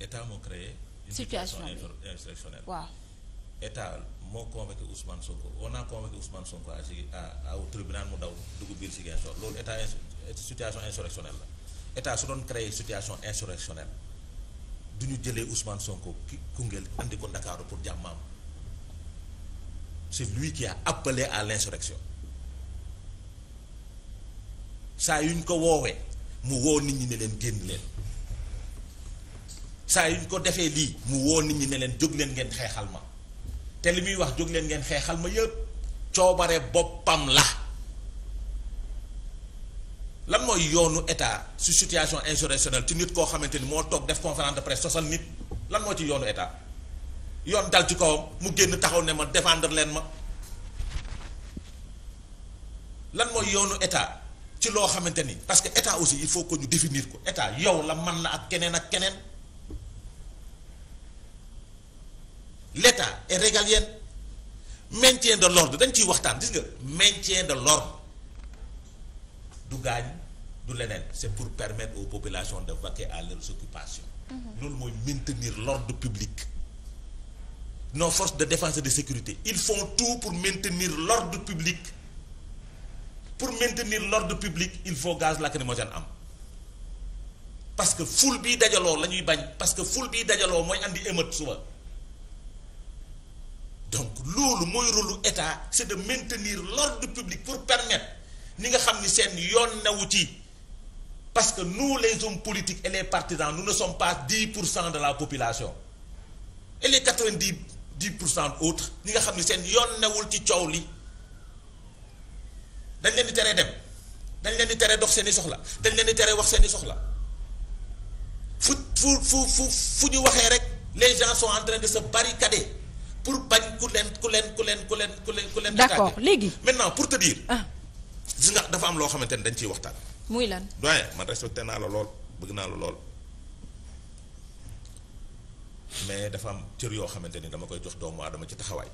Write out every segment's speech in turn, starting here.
état moo créé. une situation insurrectionnelle waaw. état moo convoqué Ousmane Sonko on a convoqué Ousmane Sonko à si à tribunal mu daw dugg biir Ziguinchor loolu état situation insurrectionnelle la état su doon créé situation insurrectionnelle duñu jëlee Ousmane Sonko ki Koungheul andi ko Ndakaaru pour jàmmaam c'est lui qui a appelé à l'insurrection saa yu ko woowee mu woo nit ñi ne leen génn leen. saa yu ñu ko defee lii mu woo nit ñi ne leen jóg leen ngeen xeexal ma te li muy wax jóg leen ngeen xeexal ma yëpp coobare boppam la lan mooy yoonu état si situation insurrectionnelle ci nit koo xamante ni moo toog def conférence de presse sosal nit lan moo ci yoonu état yoon dal ci kawam mu génn taxaw ne ma défendre leen ma lan mooy yoonu état ci loo xamante ni parce que état aussi il faut que ñu définir ko état yow la man la ak keneen ak keneen leta est régalien maintien de l'ordre dañ ciy waxtaan gis nga maintien de l'ordre du gaañ du leneen c'est pour permettre aux populations de vaquer à leurs occupations mhm. loolu mooy maintenir l'ordre public nos forces de défense et de sécurité il font tout pour maintenir l'ordre public pour maintenir l'ordre public il faut gaz lacrymogène am parce que foule bii dajaloo la ñuy bañ parce que foule bii dajaloo mooy indi émeute suba donc loolu mooy rôle lu état c'est de maintenir l'ordre public pour permettre ni nga xam ni seen yoon newu ci parce que nous les hommes politiques et les partisans nous ne sommes pas 10 pour cent de la population et les 90 10 pour cent autres ñi nga xam ni seen yoon newul ci coow li dañ leen di teree dem dañ leen di teree dox seen i soxla dañ leen di teree wax seen i soxla fu fu fu fu ñu waxee rek les gens sont en train de se barricader. pour bañ ku leen ku leen ku leen ku leen ku leen ku leen d'accord léegi maintenant pour te dire ah. gis nga dafa am loo xamante ni dañ ciy waxtaan muy lan doyen man respecté naa la lool bëgg naa la lool mais dafa am cër yoo xamante ni dama koy jox doomu adama ci taxawaay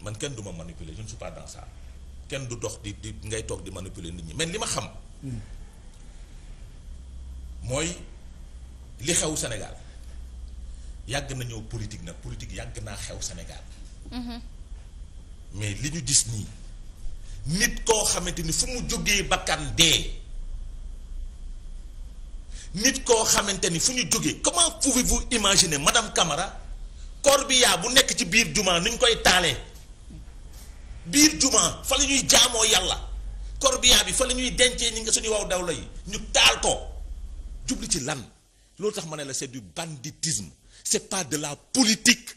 man kenn du ma manipuler je ne suis kenn du dox di di ngay toog di manipuler nit ñi mais li ma xam hmm. mooy li xew Sénégal yàgg na ñëw politique nag politique yàgg naa xew Sénégal. Mhm. mais li ñu gis nii nit koo xamante ni fu mu jógee bakkan dee nit koo xamante ni fu ñu jógee comment pouvez-vous imaginer madame Camara corbillard bu nekk ci biir juma nuñ koy taale biir juma fa la ñuy jaamoo yàlla corbillard bi fa la ñuy dencee ñi nga suñu waw dawla yi ñu taal ko jubli ci lan loolu tax ma ne la c'est du banditisme c'est pas de la politique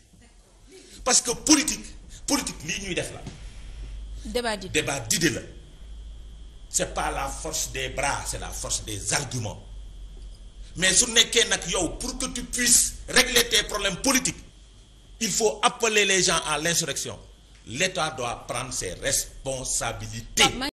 parce que politique politique lii ñuy def la. débat d'idée débat d'idée la c'est pas la force des bras c'est la force des arguments mais su nekkee nag yow pour que tu puisses régler tes problèmes politiques il faut appeler les gens à l'insurrection l'État doit prendre ses responsabilités.